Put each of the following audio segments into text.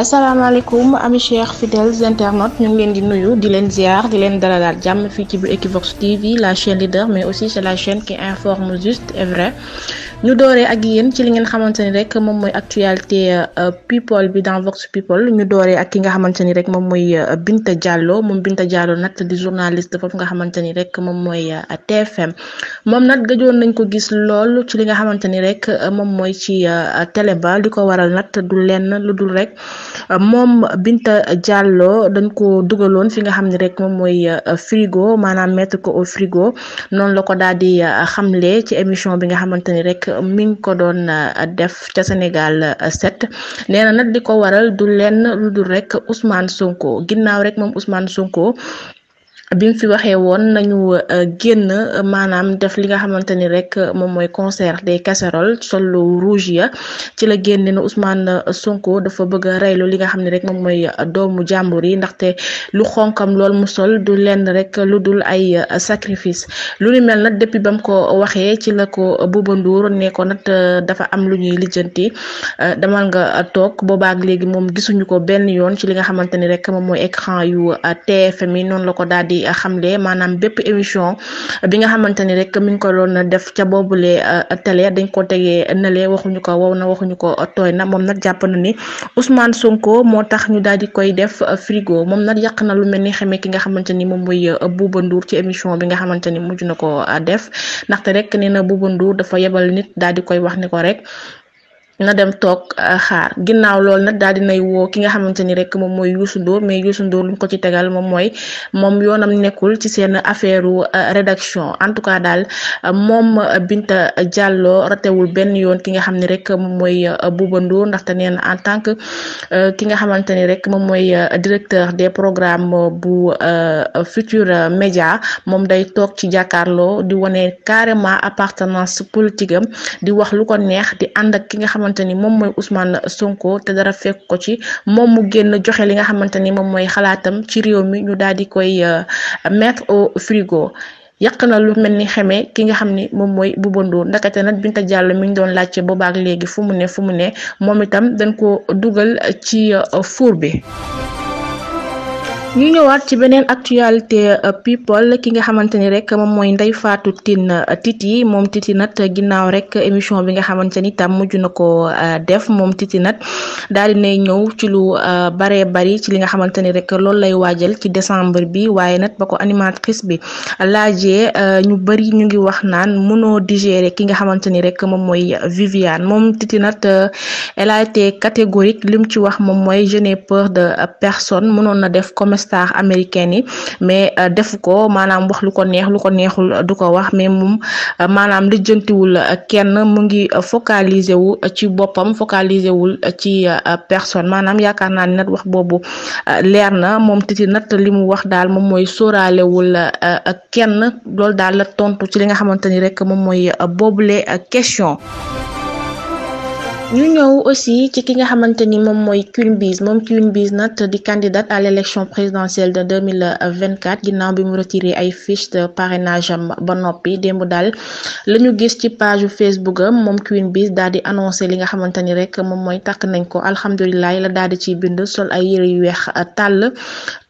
asalaamaaleykum ami chers fidèles internautes ñu ngi leen di nuyu di leen ziar di leen dalalaat jàmm fii ci bu Equivox TV la chaîne leader mais aussi c'est la chaîne qui informe juste et vrai ñu dooree ak yéen ci li ngeen xamante ni rek moom mooy actualité euh, people bi dans Vox People ñu dooree ak ki nga xamante ni rek moom mooy euh, Binta Diallo moom Binta Diallo nag di journaliste foofu nga xamante ni rek moom mooy euh, TFM moom nag gëjoon nañ ko gis lool ci li nga xamante ni rek moom mooy ci télé ba li ko waral nag du lenn lu dul rek moom Binta Diallo dañ ko dugaloon fi nga xam ne rek moom mooy frigo maanaam mettre ko au frigo noonu la ko daal di xamle ci émission bi nga xamante ni rek. mi ngi ko doon uh, def ca Sénégal 7 uh, nee na nag di ko waral du lenn lu rek Ousmane Sonko ginnaaw rek moom Ousmane Sonko. biñ fi waxee woon nañu euh, génn maanaam def li nga xamante ni rek moom mooy concert des casseroles solo rouge ya ci la génne na Ousmane Sonko dafa bëgg a reylu li nga xam ne rek moom mooy doomu jàmbur yi ndaxte lu xonkam lool mu sol du lenn rek lu dul ay euh, sacrifice lu mel nag depuis ba ko waxee ci la ko Bouba Ndour ne ko nag euh, dafa am lu ñuy lijjanti nga toog boobaak léegi moom gisuñu ko benn yoon ci li nga xamante ni rek écran yu TFM yi la ko daal ci xamle maanaam bépp émission bi nga xamante ni rek min ngi ko na def ca boobule euh, télé dañ ko tegee nale waxuñu ko wow na waxuñu ko tooy na moom nag jàpp na ni Ousmane Sonko moo tax ñu daal di koy def euh, frigo moom nag yàq na lu mel ni xamee ki nga xamante ni moom mooy euh, Bouba Ndour ci émission bi nga xamante ni mujj na ko def ndaxte rek nee na Bouba Ndour dafa yebal nit daal di koy wax ni ko rek na dem toog euh, xaar ginnaaw loolu na daal dinay woo ki nga xamante ni rek moom mooy Youssou Ndour mais Youssou Ndour lu ko ci tegal moom mooy moom yoonam nekkul ci seen affaire euh, rédaction en tout cas daal euh, moom Binta jàlloo ratewul benn yoon ki nga xam ne rek moom mooy Bouba ndaxte nee en tant que ki nga xamante ni rek moom mooy directeur des programme bu future média moom day toog ci jàkkaarloo di wone carrément appartenance politique di wax lu ko neex di ànd ak ki nga xamante xamante ni moom mooy Ousmane Sonko te dara fekk ko ci moom mu génn joxe li nga xamante ni moom mooy xalaatam ci réew mi ñu daal di koy euh, mettre au frigo. yàq na lu mel ni xamee ki nga xam ni moom mooy bubandoo ndakate nag Binta jàll mi ngi doon laajte boobaak léegi fu mu ne fu mu ne moom itam dañ ko dugal ci euh, four bi ñu ñëwaat ci beneen actualité euh, people ki nga xamante ni rek moom mooy Ndeye Fatou Tine euh, Titi moom Titi nag ginnaaw rek émission bi nga xamante ni tam mujj na ko euh, def moom Titi nag daal di nay ñëw ci lu baree bari ci li nga xamante ni rek loolu lay waajal ci décembre bi waaye nag ba animatrice bi laajee ñu bëri ñu ngi wax naan mënoo digérer ki nga xamante ni rek moom mooy Viviane moom Titi nag elle a été catégorique lim ci wax moom mooy je n'ai peur de personne mënoon na def commerce star américain yi mais euh, defu ko maanaam wax lu ko neex lu ko neexul euh, du ko wax mais moom euh, maanaam lijjantiwul kenn mu ngi focaliser wu ci boppam focaliser wul ci personne maanaam yaakaar naa ni nag wax boobu leer na moom titi nag li mu wax daal moom mooy sóoraalewul kenn loolu daal la tontu ci li nga xamante ni rek moom mooy boobule question ñu ñëw aussi ci ki nga xamante ni moom mooy Queen Biz moom Queen Biz nag di candidate à l' élection présidentielle de deux mille vingt quatre ginnaaw bi mu retiré ay fiche de parrainage am ba noppi démb daal la ñu gis ci page Facebook am moom Queen Biz daal di annoncé li nga xamante ni rek moom mooy takk nañ ko alhamdulilah la daal di ci bind sol ay yëre yu weex tàll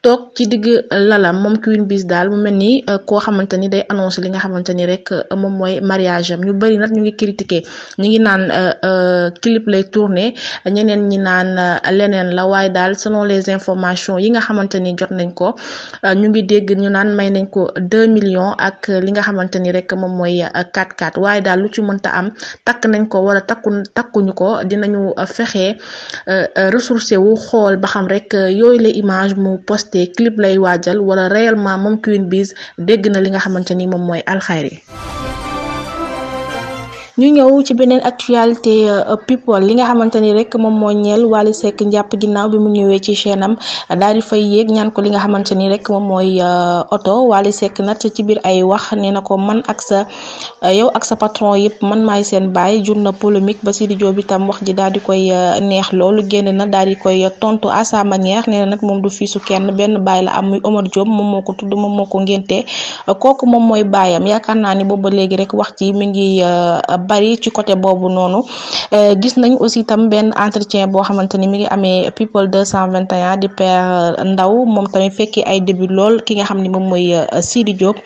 toog ci digg lalam moom Queen Biz daal mu mel ni euh, koo xamante ni day annoncé li nga xamante rek euh, moom mooy mariage am ñu bari nag ñu ngi critiqué ñu ngi naan euh, clip lay tourné ñeneen ñi naan leneen la waaye daal selon les informations yi nga xamante ni jot nañ ko ñu ngi dégg ñu naan may nañ ko deux millions ak li nga xamante ni rek moom mooy 4-4 waaye daal lu ci mënta am takk nañ ko wala takku takkuñu ko dinañu fexe ressourcé wu xool ba xam rek yooyu la image mu post te clip lay waajal wala réellement moom Queen Biz dégg na li nga xamante ni moom mooy alxayri ñu ñëw ci beneen actualité euh, people li nga xamante ni rek moom moo ñeel Wally Seck njàpp ginnaaw bi mu ñëwee ci chaîne am daal di fay yéeg ñaan ko li nga xamante ni rek moom mooy euh, oto Wally Seck nag ci biir ay wax nee na ko man ak sa euh, yow ak sa patron yëpp man maay seen baay jur na polémique ba Sidy Diop itam wax ji daal di koy neex loolu génn na daal di koy tontu à sa manière nee na nag moom du fiisu kenn benn baay la am muy Omar Diop moom moo ko tudd moom moo ko mooy baayam yaakaar naa léegi rek mi ngi bari ci côté boobu noonu euh, gis nañ aussi tam benn entretien boo xamante ni mi ngi amee people 221 di père euh, Ndaw moom tamit fekki ay début lool ki nga xam ni moom mooy euh, Sidi Diop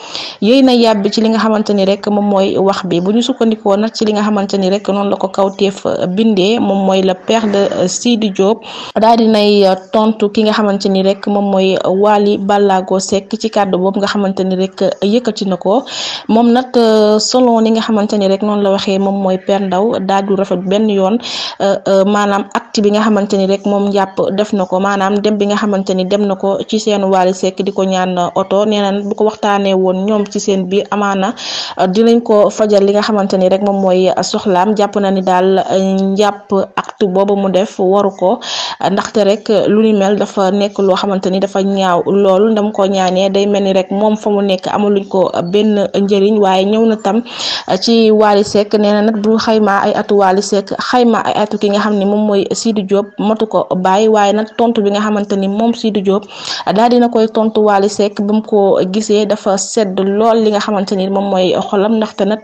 yéy na yàbbi ci li nga xamante ni rek moom mooy wax bi bu ñu sukkandikoo nag ci li nga xamante ni rek noonu la ko kawteef bindee moom mooy la père de Sidi Diop daal dinay tontu ki nga xamante ni rek moom mooy Wally Ballago sekk ci kàddu boobu nga xamante ni rek yëkkati na ko moom nag selon nga xamante rek noonu la wax waxee moom mooy Père Ndao daal du rafet benn yoon euh, euh, maanaam acte bi nga xamante ni rek moom njàpp def na ko maanaam dem bi nga xamante ni dem na ko ci seen Wally Seck di ko ñaan oto nee na bu ko waxtaanee woon ñoom ci seen bi amaana euh, dinañ ko fajal li nga xamante ni rek moom mooy soxlaam jàpp na ni daal njàpp acte boobu mu def waru ko ndaxte rek lu ni mel dafa nekk loo xamante ni dafa ñaaw loolu dam ko ñaanee day mel ni rek moom fa mu nekk luñ ko benn njëriñ waaye ñëw na tam ci Wally nee na nag bu xaymaa ay atu Wally Seck xayma ay atu ki nga xam ni moom mooy Sidi Diop matu ko bàyyi waaye nag tontu bi nga xamante ni moom Sidi Diop daal dina koy tontu Wally Seck ba mu ko gisee dafa sedd lool li nga xamante ni moom mooy xolam ndaxte nag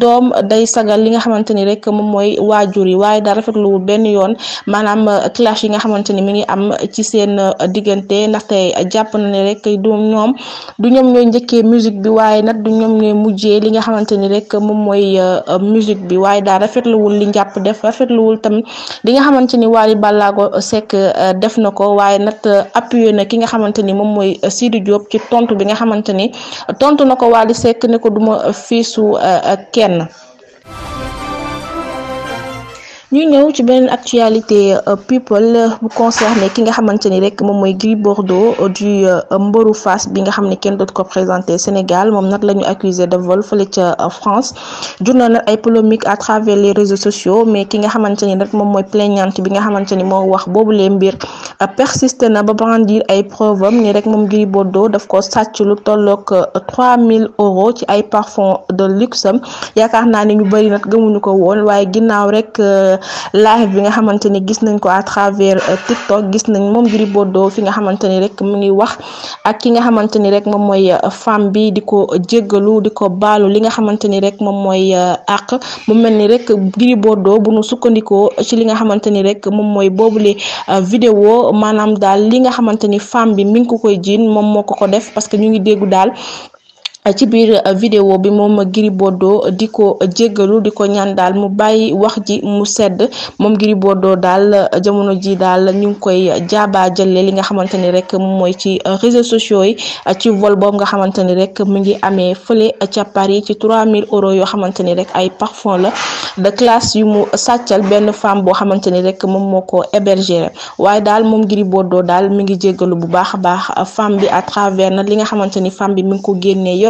doom day sagal li nga xamante ni rek moom mooy waajur yi waaye daa rafetluwul benn yoon maanaam clash yi nga xamante ni mi ngi am ci seen diggante ndaxte jàpp na ne rek du ñoom du ñoom ñooy njëkkee musique bi waaye nag du ñoom ñooy mujjee li nga xamante ni rek moom mooy musique bi waaye daal rafetluwul li njàpp def rafetluwul tamit li nga xamante ni Wally Ballago Seck euh, def na ko waaye nag euh, appuye na ki nga xamante ni moom mooy euh, Sidi Diop ci tontu bi nga xamante ni tontu na ko Wally Seck ne ko duma fiisu kenn ñu ñëw ci beneen actualité euh, people euh, bu concerné ki nga xamante ni rek moom mooy Gris Bordeaux euh, du mbaru Fass bi nga xam ne kenn doot ko présenté Sénégal moom nag la ñu accusé de vol fële ca France jur na nag ay polémique à travers les réseaux sociaux mais ki nga xamante ni rek moom mooy plaignante bi nga xamante ni moo wax boobu lee mbir persiste na ba brandir ay preuve am ni rek moom Gris Bordeaux def ko sàcc lu tollook mille euros ci ay parfum de luxe yaakaar naa ko woon waaye ginnaaw live bi nga xamante ni gis nañ ko à travers euh, TikTok gis nañ moom Gris fi nga xamante ni rek mu ngi wax ak ki nga xamante ni rek moom mooy euh, femme bi di ko jéggalu di ko baalu li nga xamante ni rek moom mooy euh, àq mu mel ni rek Gris Bordeaux bu nu sukkandikoo ci li nga xamante ni rek moom mooy boobule vidéo maanaam daal li nga xamante ni femme bi mi ngi ko koy jiin moom moo ko ko def parce que ñu ngi déggu daal ci biir euh, vidéo bi moom Gris Bordeaux di ko jéggalu di ko ñaan daal mu bàyyi wax ji mu sedd moom Gris Bordeaux daal euh, jamono ji daal ñu ngi koy jaabaa jëlee li nga xamante ni rek moom mooy ci euh, réseaux sociaux yi ci vol boobu nga xamante ni rek mu ngi amee fële ca Paris ci mille euro yoo xamante ni rek ay parfum la de classe yu mu sàccal benn femme boo xamante ni rek moom moo ko héberger waaye daal moom Gris Bordeaux daal mu ngi jéggalu bu baax baax femme bi à travers na li nga xamante ni femme bi mi ngi ko génnee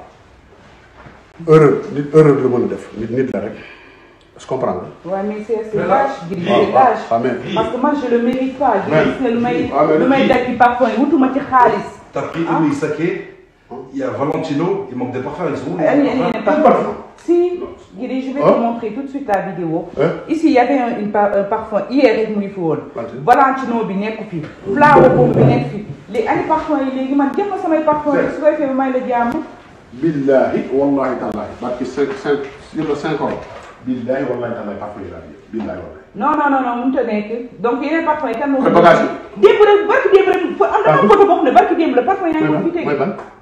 erreur nit erreur lu mën a def nit nit la rek je comprends nga. waaw mais c'est lâche. waaw ah, ah, parce que man je le mérite je gis lu may lu may daj parfum yi wutuma ci xaalis. tapis Oumy ah. Saké. il y a Valentino il manque des parfums si Guédé je montrer tout de suite la vidéo ici y avait un une parfum hier rek mu ngi fi woon. Valentino bi nekk fi. Flower Bomb bi nekk fi. léegi ay parfums yi léegi billahi wallahi tallahi barki cinq cinq sur le cinq ans billahi wallahi tallahi parfois yi laa jël billahi wallahi non non non non mënut a nekk donc yeneen parfum kan moo. bagage yi démb barki démb rek am na photo boo xam